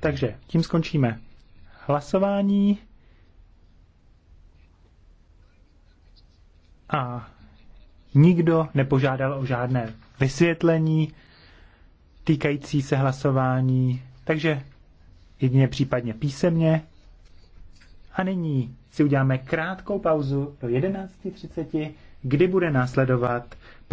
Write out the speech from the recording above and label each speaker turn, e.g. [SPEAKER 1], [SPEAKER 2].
[SPEAKER 1] Takže tím skončíme hlasování. A nikdo nepožádal o žádné vysvětlení týkající se hlasování, takže jedině případně písemně. A nyní si uděláme krátkou pauzu do 11.30, kdy bude následovat